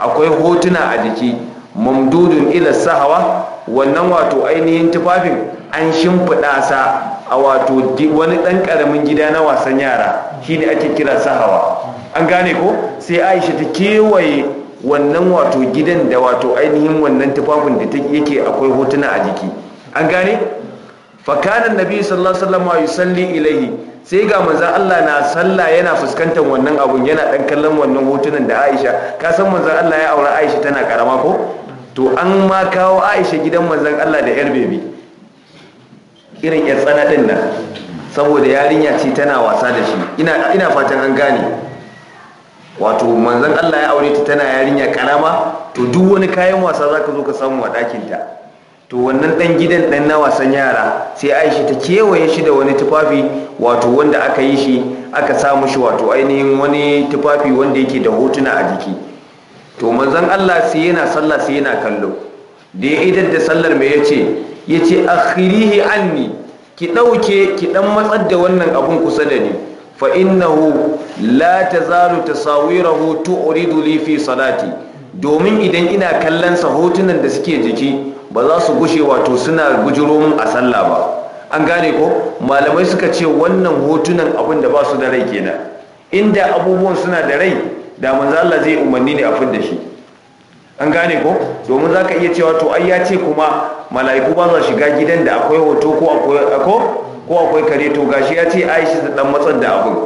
akwai hotuna a jiki mamdudun ila sahawa wannan wato ainihin tufafin an shimfiɗa sa a wato wani ɗan ƙaramin gida na wasan yara shi ne ake kira sahawa an gane ko sai aisha ta kewaye wannan wato gidan da wato ainihin wannan tufafin da take yake akwai hotuna a jiki an gane fakanan nabi sallallahu alaihi wasallam yusalli ilaihi sai ga manzon Allah na sallah yana fuskantar wannan abun yana dan kallon wannan hotunan da Aisha ka san manzon Allah ya aure Aisha tana karama ko to an ma kawo Aisha gidan manzon Allah da yar bebe irin yar tsana din nan saboda yarinya ce tana wasa da shi ina ina fatan an gane wato manzon Allah ya aure ta tana yarinya karama to duk wani kayan wasa zaka zo ka samu a ɗakin ta to wannan dan gidan dan na wasan yara sai Aisha ta kewaye shi da wani tufafi wato wanda aka yi shi aka samu shi wato ainihin wani tufafi wanda yake da hotuna a jiki to manzon Allah sai yana sallah sai yana kallo da ya idan da sallar mai yace yace akhirihi anni ki ɗauke ki ɗan matsar da wannan abun kusa da ni fa innahu la ta tasawirahu tu'ridu li fi salati domin idan ina kallon sa hotunan da suke jiki ba za su gushe wato suna gujiro mun a sallah ba an gane ko malamai suka ce wannan hotunan abin da ba su da rai kenan inda abubuwan suna da rai da manzo Allah zai umarni ne a da shi an gane ko domin zaka iya cewa to ai ya ce kuma mala'iku ba za shiga gidan da akwai hoto ko akwai ko akwai kare to gashi ya ce aisha da dan matsar da abin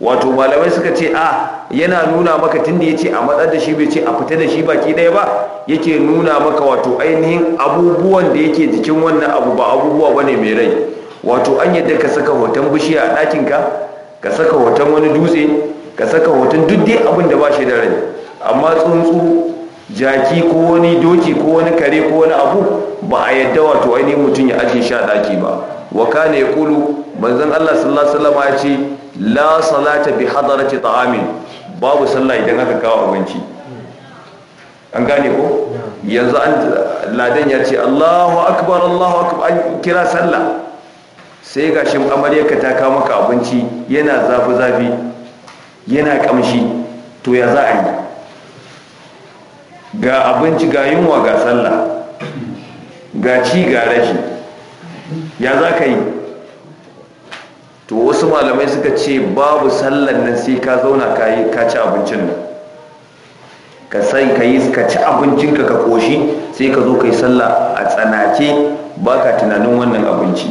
wato malamai suka ce a ah, yana nuna maka tunda ya ce a matsar da shi bai ce a fita da shi baki daya ba yake nuna maka wato ainihin abubuwan da yake jikin wannan abu ba abubuwa bane mai rai wato an yadda ka saka hoton bishiya a ɗakinka ka saka hoton wani dutse ka saka hoton duk dai abin da ba shi da rai amma tsuntsu jaki ko wani doki ko wani kare ko wani abu ba a yadda wato ainihin mutum ya ajiye shi a ɗaki ba ne kana kulu manzon Allah sallallahu alaihi ya ce la salata bi hadarati ta'amin babu sallah idan aka kawo abinci an gane ko yanzu an ladan ya ce Allahu akbar Allahu akbar an kira sallah sai shi amaryarka ta kawo maka abinci yana zafi zafi yana kamshi to ya za a yi ga abinci ga yunwa ga sallah ga ci ga rashi ya za ka yi to wasu malamai suka ce babu sallan nan sai ka zauna ka yi ka ci abincin nan ka sai ka yi ka ci abincin ka ka koshi sai ka zo ka yi sallah a tsanake ba ka tunanin wannan abinci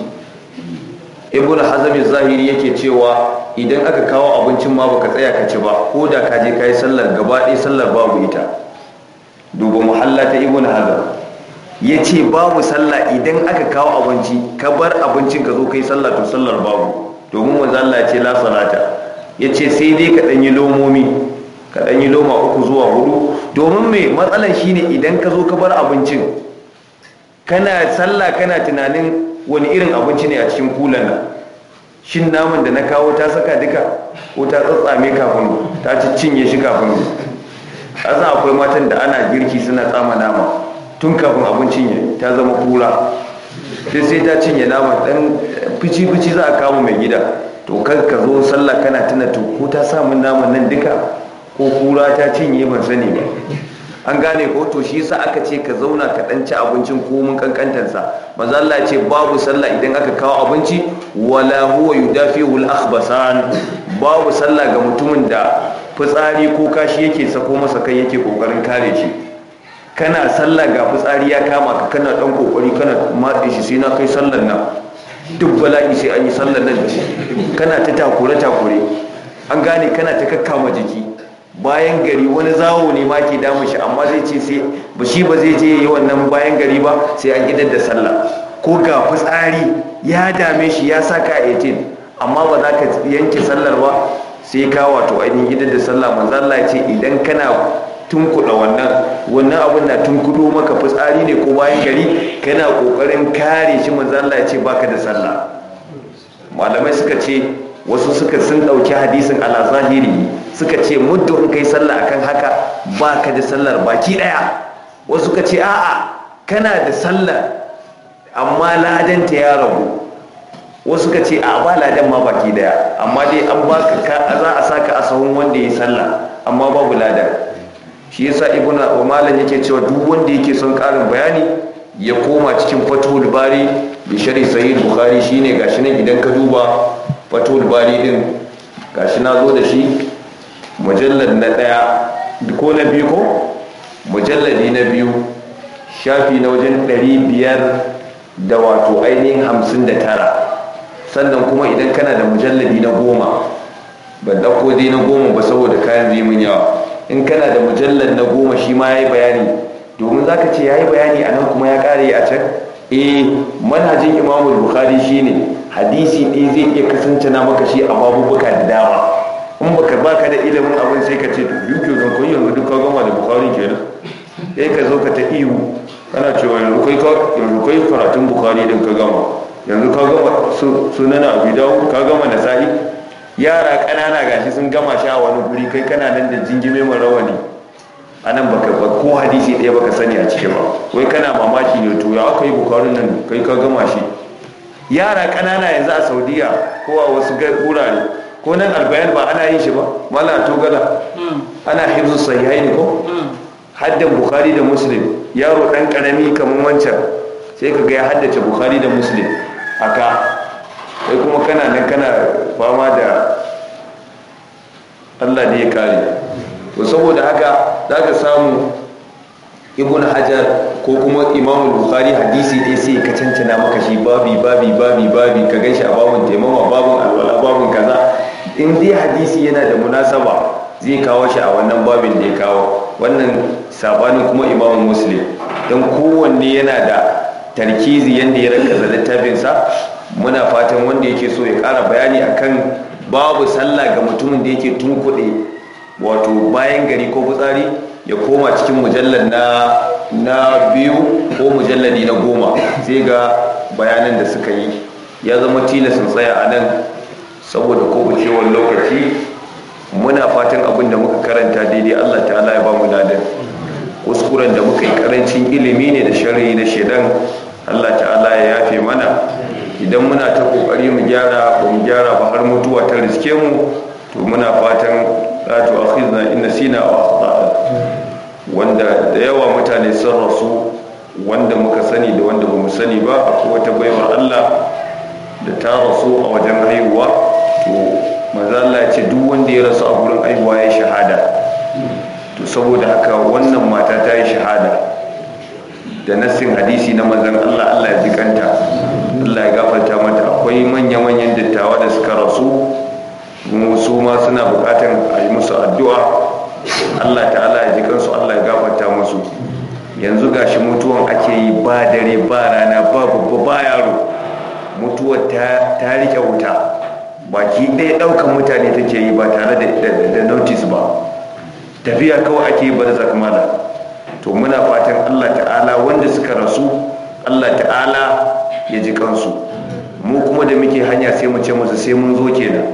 ibn hazami zahiri yake cewa idan aka kawo abincin ma baka tsaya ka ci ba ko da ka je ka yi sallar gaba ɗaya sallar babu ita duba muhalla ta ibn hazam ya ce babu sallah idan aka kawo abinci ka bar abincin ka zo kai sallah to sallar babu domin wanzu Allah ce la salata ya ce sai dai ka ɗanyi lomomi ka ɗanyi loma uku zuwa hudu domin mai matsalar shine idan ka zo ka bar abincin kana sallah kana tunanin wani irin abinci ne a cikin kulan nan shin naman da na kawo ta saka duka ko ta tsatsame kafin ta ci cinye shi kafin a akwai matan da ana girki suna tsama nama tun kafin abincin ya ta zama kura sai sai ta cinye naman dan fici-fici za a kama mai gida to kar ka zo sallah kana tana to ko ta samun naman nan duka ko kura ta cinye ban sani ba an gane ko to shi yasa aka ce ka zauna ka dan ci abincin ko mun kankantansa Allah ce babu sallah idan aka kawo abinci wala huwa yudafihu al-akhbasan babu sallah ga mutumin da fitsari ko kashi yake sako masa kai yake kokarin kare shi kana sallah ga fitsari ya kama ka kana dan kokari kana matse shi sai na kai sallar nan duk bala'i sai an yi sallar nan kana ta takure takure an gane kana ta kakkama jiki bayan gari wani zawo ne ma ke damun shi amma zai ce sai ba shi ba zai je yi wannan bayan gari ba sai an gidan da sallah ko ga fitsari ya dame shi ya saka 18 amma ba za ka yanke sallar ba sai ka wato ainihin gidan da sallah manzo Allah ce idan kana tunkuɗa wannan wannan abin na tunkuɗo maka fitsari ne ko bayan gari kana ƙoƙarin kare shi manzo Allah ya ce baka da sallah malamai suka ce wasu suka sun ɗauki hadisin ala zahiri suka ce muddin kai sallah akan haka baka da sallar baki ɗaya wasu suka ce a'a kana da sallar amma ladanta ya rabu wasu ka ce a ba ladan ma baki ɗaya, amma dai an baka za a saka a sahun wanda ya yi sallah amma babu ladan shi yasa wa malam yake cewa duk wanda yake son karin bayani ya koma cikin fatul bari da shari sahih bukhari shine gashi nan idan ka duba fatul bari din gashi na zo da shi mujallad na daya ko na biyu ko mujalladi na biyu shafi na wajen ɗari biyar da wato ainihin hamsin da tara sannan kuma idan kana da mujalladi na goma ban ɗauko dai na goma ba saboda kayan zai mun yawa in kana da mujallar na goma shi ma ya yi bayani domin za ka ce ya yi bayani a nan kuma ya ƙare a can eh manhajin imamu bukhari ne. hadisi ɗi zai iya kasance na maka shi a babubuka da dama in baka baka da ilimin abin sai ka ce to biyu ke zan koyi yanzu duk gama da bukhari kenan sai ka zo ka ta ihu kana cewa yanzu kai yanzu kai karatun bukhari din ka gama yanzu ka gama sunana abu dawo ka gama nasa'i yara ƙanana gashi sun gama sha wani guri kai kana nan da jingime mai rawani a nan baka ba ko hadisi ɗaya baka sani a cikin ba wai kana mamaki ne to ya aka yi bukarin nan kai ka gama shi yara ƙanana yanzu a saudiya ko a wasu gurare ko nan albayan ba ana yin shi ba mala togala mm. ana hibzu sahihai ne ko mm. haddan bukhari da muslim yaro dan karami kamar wancan sai ka ga ya haddace bukhari da muslim aka kai kuma kana nan kana fama da allah ne ya kare to saboda haka za ka samu ibn hajar ko kuma imamul bukhari hadisi ɗaya sai ka cancana maka shi babi babi babi babi ka gan shi a babin taimama babin alwala babin kaza in dai hadisi yana da munasaba zai kawo shi a wannan babin da ya kawo wannan sabanin kuma imamu muslim don kowanne yana da tarkizi yadda ya rakaza littafinsa muna fatan wanda yake so ya kara bayani akan babu sallah ga mutumin da yake tun kuɗi wato bayan gari ko fitsari ya koma cikin mujallar na na biyu ko mujalladi na goma sai ga bayanan da suka yi ya zama tilasin tsaya a nan saboda kobucewar lokaci muna fatan abin da muka karanta daidai allah ta'ala ya ba mu ladan kuskuren da muka yi karancin ilimi ne da shari'i na shaidan allah ta'ala ya yafe mana idan muna ta kokari mu gyara ba mu gyara ba har mutuwa ta riske mu to muna fatan la tu'akhidna in nasina aw akhtana wanda da yawa mutane sun rasu wanda muka sani da wanda mu sani ba akwai wata baiwar Allah da ta rasu a wajen haihuwa to manzo Allah ya ce duk wanda ya rasu a gurin haihuwa ya shahada to saboda haka wannan mata ta yi shahada da nassin hadisi na manzon Allah Allah ya jikanta allah ya gafarta mata akwai manya-manyan dattawa da suka rasu su ma suna bukatan a yi musu addu'a allah ta'ala ya ji kansu allah ya gafarta musu yanzu gashi mutuwan ake yi ba dare ba rana ba babba ba yaro mutuwar ta rike wuta baki ɗaya ɗaukan mutane take yi ba tare da notice ba tafiya kawai ake yi da zakmala to muna fatan allah ta'ala wanda suka rasu allah ta'ala ya ji kansu mu kuma da muke hanya sai mu ce musu sai mun zo kenan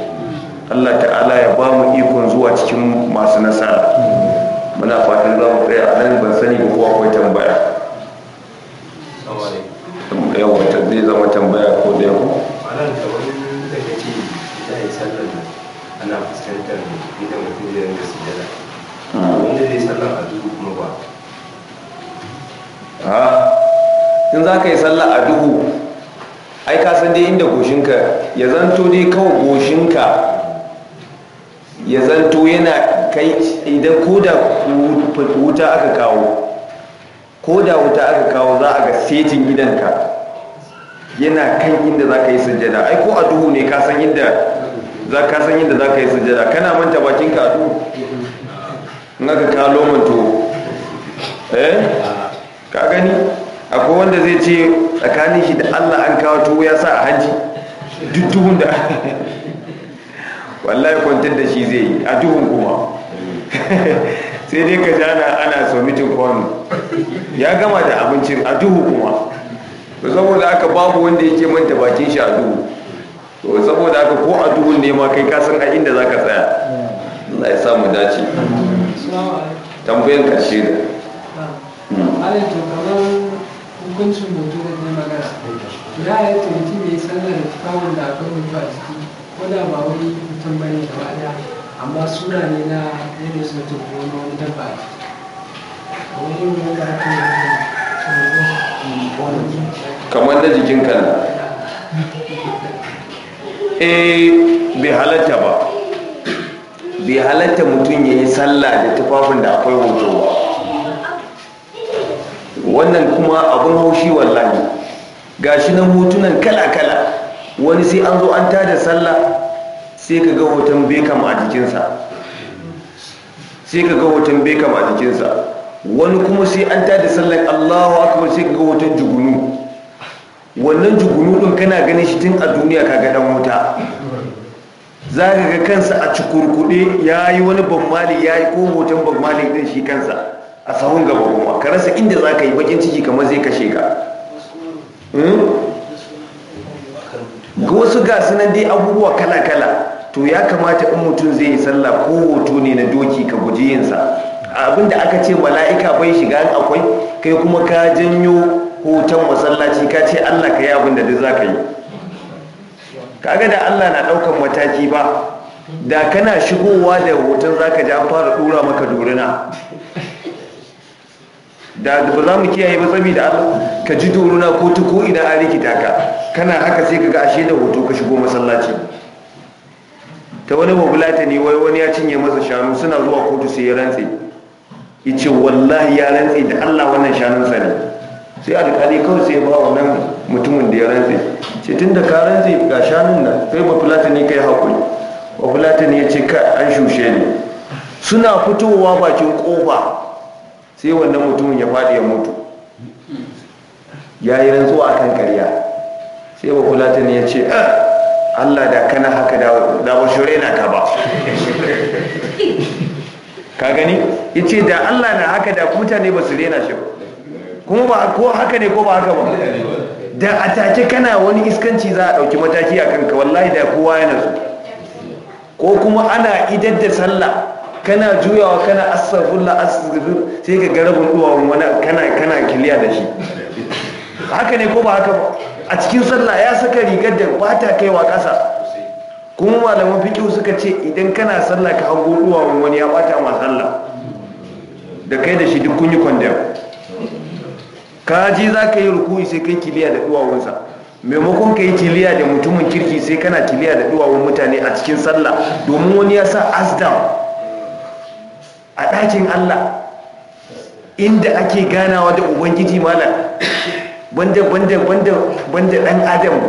Allah ta'ala ya ba mu ikon zuwa cikin masu nasara muna fatan za mu tsaya a nan ban sani ba ko akwai tambaya yawa zai zama tambaya ko da yau ana fuskantar inda mutum zai rinka sujada hmm. wanda zai sallar a duhu kuma ba in za ka yi sallah a duhu ai ka san dai inda goshinka ya zanto dai kawai goshinka ya zanto yana kai idan ko da wuta aka kawo ko da wuta aka kawo za a ga setin gidanka yana kan inda za ka yi sujjada ai ko a duhu ne ka san inda za ka san inda za ka yi sujjada kana manta bakinka a duhu in aka kawo manto eh ka gani akwai wanda zai ce tsakanin shi da allah an kawo tuwo ya sa a hajji duk duhun da wallahi kwantar da shi zai yi a duhun kuma sai dai ka jana ana submitting kwanu ya gama da abincin a duhu kuma saboda aka babu wanda yake manta bakin shi a duhu to saboda aka ko a duhun ne ma kai kasan a inda za ka tsaya Allah ya samu dace tambayin karshe da hukuncin hoto da ne magana ya yi mutum mai yi sallar da tufafin da akwai hoto a jiki ko da ba wani mutum ba ne gaba ɗaya amma suna ne na yadda su mutum ko wani dabba a jiki kamar da jikin kan eh bai halatta ba bai halatta mutum ya yi sallah da tufafin da akwai hoto ba wannan kuma abin haushi wallahi ga shi na hotunan kala-kala wani sai an zo an tada sallah sai ka ga hoton bekam a jikinsa sai ka ga hoton bekam a jikinsa wani kuma sai an tada sallar allahu akbar sai ka ga hoton jugunu wannan jugunu ɗin kana ganin shi tun a duniya ka ga dan wuta za ka ga kansa a cikurkuɗe ya yi wani bamali ya yi ko hoton bamali ɗin shi kansa a sahun gaba kuma ka rasa inda za ka yi bakin ciki kamar zai kashe ka hmm? ga wasu gasu nan dai abubuwa kala-kala to ya kamata in mutum zai yi sallah ko hoto ne na doki ka guji yinsa abinda aka ce mala'ika bai shiga akwai kai kuma ka janyo hoton masallaci ka ce allah ka yi abinda duk za ka yi kaga da allah na ɗaukan mataki ba da kana shigowa da hoton za ka ja fara ɗura maka durina da ba za mu kiyaye ba saboda ka ji doruna ko ta ko idan an rikita ka kana haka sai kaga ashe da hoto ka shigo masallaci ta wani babulata ne wai wani ya cinye masa shanu suna zuwa kotu sai ya rantse ya ce wallahi ya rantse da allah wannan sa ne sai alƙali kawai sai ba wannan mutumin da ya rantse ce tun da ka rantse ga shanun nan sai babulata ne kai haƙuri babulata ne ya ce ka an shushe ne suna fitowa bakin ƙofa sai wannan mutumin ya faɗi ya mutu ya yi rantsuwa a kan ƙarya sai ba kulatin ya ce ah, allah da kana haka da ba shure na ka ba ka gani ya ce da allah na haka da mutane ba su rena shi kuma ba ko haka ne ko ba haka ba da a take kana wani iskanci za a ɗauki mataki a kanka wallahi da kowa yana so ko kuma ana idar da sallah kana juyawa kana astaghfirullah astaghfir sai ka ga rabin wani kana kana kiliya da shi haka ne ko ba haka ba a cikin sallah ya saka rigar da ba ta kaiwa ƙasa kuma malaman fiqh suka ce idan kana sallah ka hango duwawun wani ya bata ma sallah da kai da shi duk kun yi Ka ji za ka yi rukuni sai kai kiliya da duwawunsa maimakon ka yi kiliya da mutumin kirki sai kana kiliya da duwawun mutane a cikin sallah domin wani ya sa asdam a ɗakin Allah inda ake ganawa da ubangiji mana banda banda banda banda ɗan adam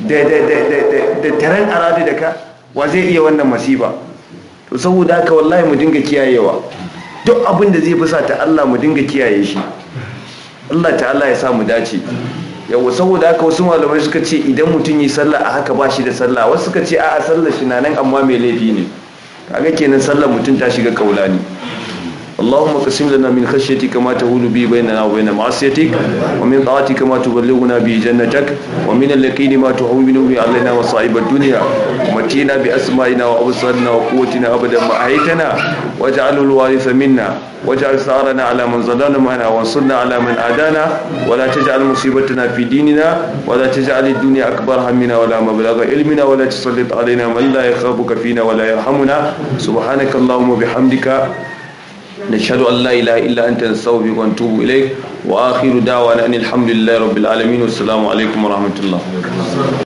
da tarin da da aradu da ka wa zai iya wannan masiba to saboda haka wallahi mu dinga kiyayewa duk abin da zai fusa ta Allah mu dinga kiyaye shi Allah ta'ala ya sa mu dace yawa saboda haka wasu malamai suka ce idan mutum yi sallah a haka ba shi da sallah wasu suka ce a'a sallah, shi na nan amma mai laifi ne kaga kenan sallar mutum ta shiga kaulani اللهم قسم لنا من خشيتك ما تهول به بيننا وبين معصيتك ومن طاعتك ما تبلغنا به جنتك ومن اليقين ما تهون به علينا مصائب الدنيا ومتينا بأسمائنا وأبصارنا وقوتنا أبدا ما أحيتنا واجعله الوارث منا واجعل ثارنا على من ظلمنا معنا وانصرنا على من عادانا ولا تجعل مصيبتنا في ديننا ولا تجعل الدنيا أكبر همنا ولا مبلغ علمنا ولا تسلط علينا من لا يخافك فينا ولا يرحمنا سبحانك اللهم وبحمدك نشهد أن لا إله إلا أنت نستغفرك ونتوب إليك وآخر دعوانا أن الحمد لله رب العالمين والسلام عليكم ورحمة الله